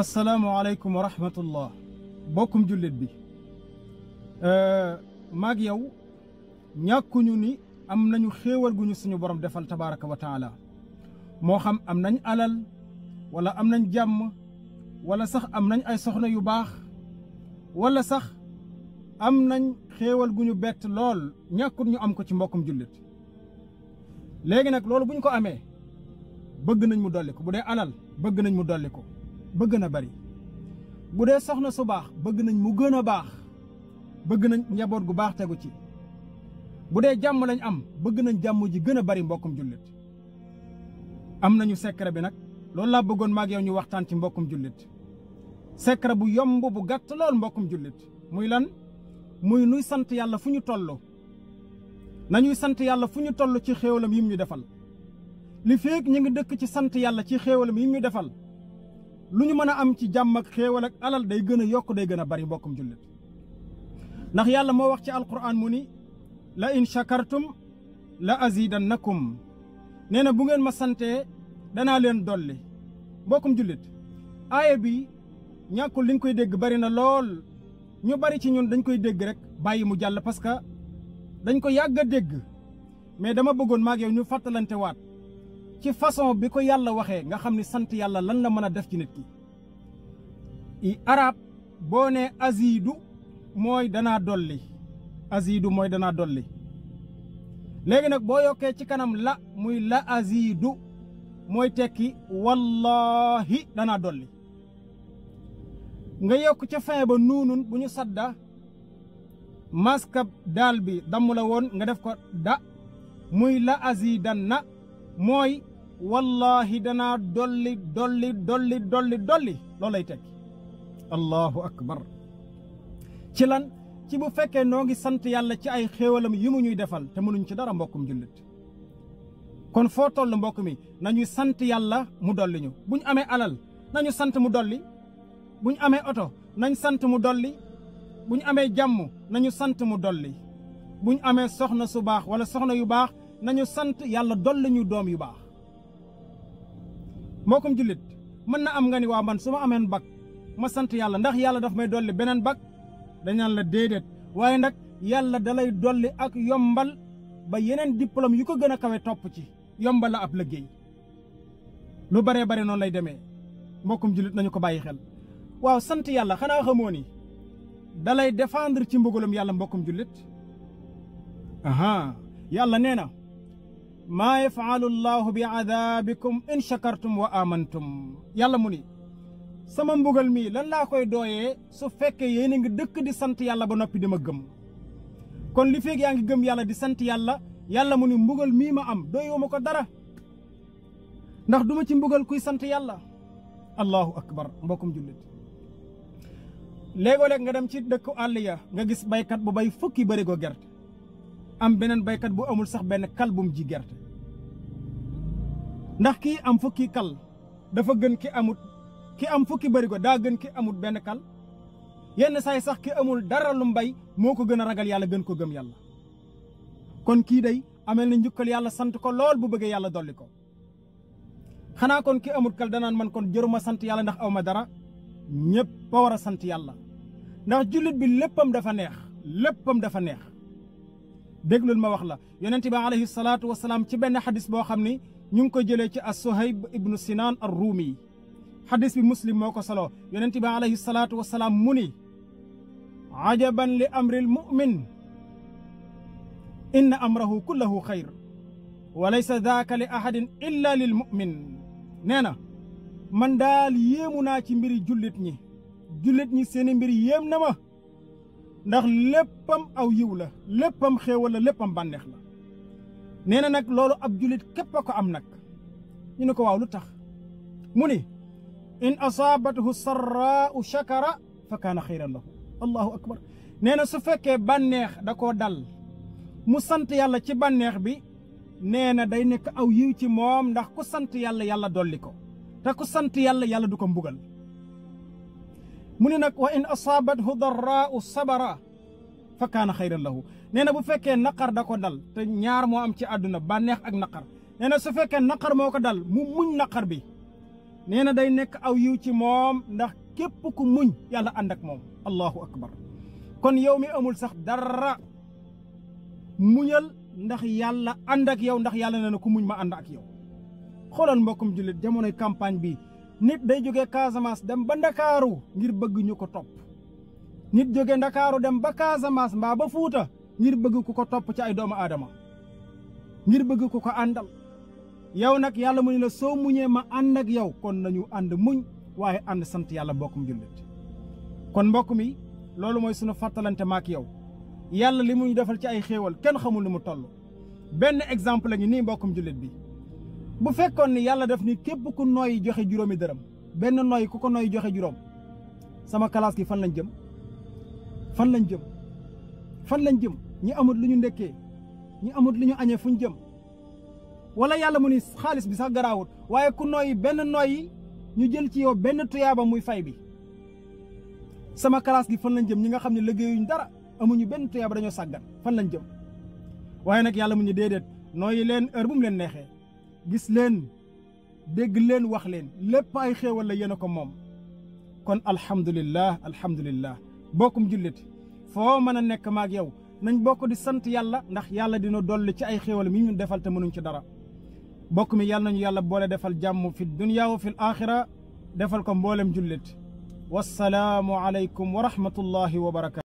asalaamualeykum wa rahmatullah mbokkum jullit bi maag yow ñàkkuñu ni am nañu xéewal gu ñu suñu borom defal tabaraka wa taala moo xam am nañ alal wala am nañ jàmm walla sax am nañ ay soxna yu baax walla sax am nañ xéewal gu ñu bett lool ñàkkut ñu am ko ci mbokkum jullit léegi nag loolu buñ ko amee bëgg nañ mu dolli ko bu dee alal bëgg nañ mu dolli ko bëgg na bari bu dee soxna su baax bëgg nañ mu gën a baax bëgg nañ njaboot gu baax tegu ci bu dee jàmm lañ am bëgg nañ jàmm ji gën a bari mbokkum jullit am nañu secret bi nag loolu laa bëggoon maag yow ñu waxtaan ci mbokkum jullit secret bu yomb bu gatt lool mbokkum jullit muy lan muy nuy sant yàlla fu ñu toll nañuy sant yàlla fu ñu toll ci xéewalam yim ñu defal li feeg ñu ngi dëkk ci sant yàlla ci xéewalam yim ñu defal lu ñu mën a am ci jàmm ak xéewal ak alal day gën a yokk day gën a bari mbokkum jullit ndax yàlla moo wax ci alquran mu ni la in shakartum la azidannakum nee na bu ngeen ma santee danaa leen dolli mbokkum jullit aaya bi ñàkkul li koy dégg bari na lool ñu bari ci ñun dañ koy dégg rek bàyyi mu jàll parce que dañ ko yàgg a dégg mais dama bëggoon maag yow ñu fàttalante waat ci façon bi ko yàlla waxee nga xam ni sant yàlla lan la mën a def ci nit ki arab boo nee azidu mooy danaa dolli azidu mooy danaa dolli léegi nag boo yokkee ci kanam la muy la azidu mooy tekki wallahi danaa dolli nga yokk ca fin ba nuunun bu ñu sadda maskab daal bi damm la woon nga def ko da muy la azidan na mooy wallaahi danaa dolli dolli dolli dolli dolli loolay tekki allahu akbar ci lan ci bu fekkee noo ngi sant yàlla ci ay xéewalam yi mu ñuy defal te mënuñ ci dara mbokkum jullit kon foo toll mbokk mi nañu sant yàlla mu dolli ñu buñ amee alal nañu sant mu dolli bu ñu amee oto nañ sant mu dolli buñ amee jàmm nañu sant mu dolli buñ amee soxna su baax wala soxna yu baax nañu sant yàlla dolli ñu doom yu baax mbokkum jullit mën na am nga ni waa man su ma ameen bag ma sant yàlla ndax yàlla daf may dolli beneen bag dañaan la déedéet waaye nag yàlla dalay dolli ak yombal ba yeneen diplôme yu ko gën a kawe topp ci yombal la ab liggéey lu baree bare noonu lay demee mbokkum jullit nañu ko bàyyi xel waaw sant yàlla xanaa xamoo ni dalay défendre ci mbugalum yàlla mbokkum jullit aha yàlla nee na maa yafaalu llahu bi adaabikum in shakartum wa amantum yàlla mu ni sama mbugal mi lan laa koy dooyee su fekkee yéen nga dëkk di sant yàlla ba noppi dama gëm kon li feeg yaa ngi gëm yàlla di sant yàlla yàlla mu ni mbugal mii ma am doyoo ma ko dara ndax duma ci mbugal kuy sant yàlla allahu akbar mbokkum jullit léegoo-léeg nga dem ci dëkku àll ya nga gis baykat bu bay fukki bërigo gerte am beneen baykat bu amul sax benn kal bu ji gerte ndax kii am fukki kal dafa gën ki amut ki am fukki barigo daa gën ki amut benn kal yenn saay sax ki amul dara lu mbay moo ko gën a ragal yàlla gën ko gëm yàlla kon kii day amee na njukkal yàlla sant ko lool bu bëggee yàlla dolli ko xanaa kon ki amut kal danaan man kon jëruma sant yàlla ndax aw ma dara ñépp a war a sant yàlla ndax jullit bi léppam dafa neex léppam dafa neex déglul ma wax la yonente bi alayhi salaatu salaam ci benn xadis boo xam ni ñu ngi ko jëlee ci as Suhayb ibnu Sinaan ar Ruumi xadis bi muslim moo ko solo yonente bi alayhi salaatu wasalaam mu ni ajaban li amril mumin inna amrahu kullahu xayr wa laysa daaka li ahadin illa lil mumin nee na man daal yéemu naa ci mbiri jullit ñi jullit ñi seeni mbir yéem na ma ndax léppam aw yiw la léppam xéewal la léppam bànneex la nee na nag loolu ab julit képp a ko am nag ñu ne ko waaw lu tax mu ni in asaabathu sarraau shakara fa kaana xayran lahu allahu akbar nee na su fekkee bànneex da koo dal mu sant yàlla ci bànneex bi nee na day nekk aw yiw ci moom ndax ku sant yàlla yàlla dolli ko te ku sant yàlla yàlla du ko mbugal mu ne nag wa in asaabathu darraau sabara fa kaana xayran lahu nee na bu fekkee naqar da ko dal te ñaar moo am ci àdduna bànneex ak naqar nee na su fekkee naqar moo ko dal mu muñ naqar bi nee na day nekk aw yiw ci moom ndax képp ku muñ yàlla ànd ak moom allahu akbar kon yow mi amul sax dara muñal ndax yàlla ànd ak yow ndax yàlla nee na ku muñ ma ànd ak yow xoolal mbokkum jullit jamonoy campagne bi nit day jóge Casamance dem ba Ndakaaru ngir bëgg ñu ko topp nit jóge Ndakaaru dem ba Casamance mbaa ba Fuuta ngir bëgg ko ko topp ci ay doomu aadama ngir bëgg ko ko àndal yow nag yàlla mu ne la mu muñee ma ànd ak yow kon nañu ànd muñ waaye ànd sant yàlla bokkum jullit kon mbokk mi loolu mooy sunu fàttalante maak yow yàlla li mu ñu defal ci ay xéewal kenn xamul ni mu toll benn exemple la ngi nii mbokkum jullit bi bu fekkoon ni yàlla def ni képp ku nooy joxe juróomi dërëm benn nooy ku ko nooy joxe juróom sama classe gi fan lañ jëm fan lañ jëm fan lañ jëm ñi amut lu ñu ndekkee ñi amut lu ñu añee fuñ jëm wala yàlla mu ni xaalis bi sax garaawut waaye ku nooy benn nooy ñu jël ci yow benn tuyaaba muy fay bi sama classe gi fan lañ jëm ñi nga xam ne liggéeyuñ dara amuñu benn tuyaaba dañoo sàggan fan lañ jëm waaye nag yàlla mu ñu déedéet nooyi leen heure bu mu leen neexee gis leen dégg leen wax leen lépp ay xéewal la yéen a ko moom kon alhamdulillah alhamdulillah bokkum jullit foo mën a nekk maag yow nañ bokk di sant yàlla ndax yàlla dina dolli ci ay xéewal mi ñu defal te mënuñ ci dara bokk mi yàlla nañu yàlla boole defal jàmm fi dunya wa fi axira defal ko mboolem jullit wassalaamu aleykum wa rahmatullahi wa barakaatu